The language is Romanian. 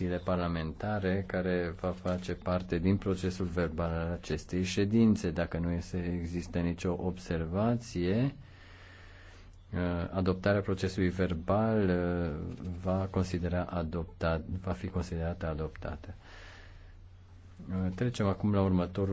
comisiile parlamentare care va face parte din procesul verbal al acestei ședințe. Dacă nu este, există nicio observație, uh, adoptarea procesului verbal uh, va, considera adoptat, va fi considerată adoptată. Uh, trecem acum la următorul.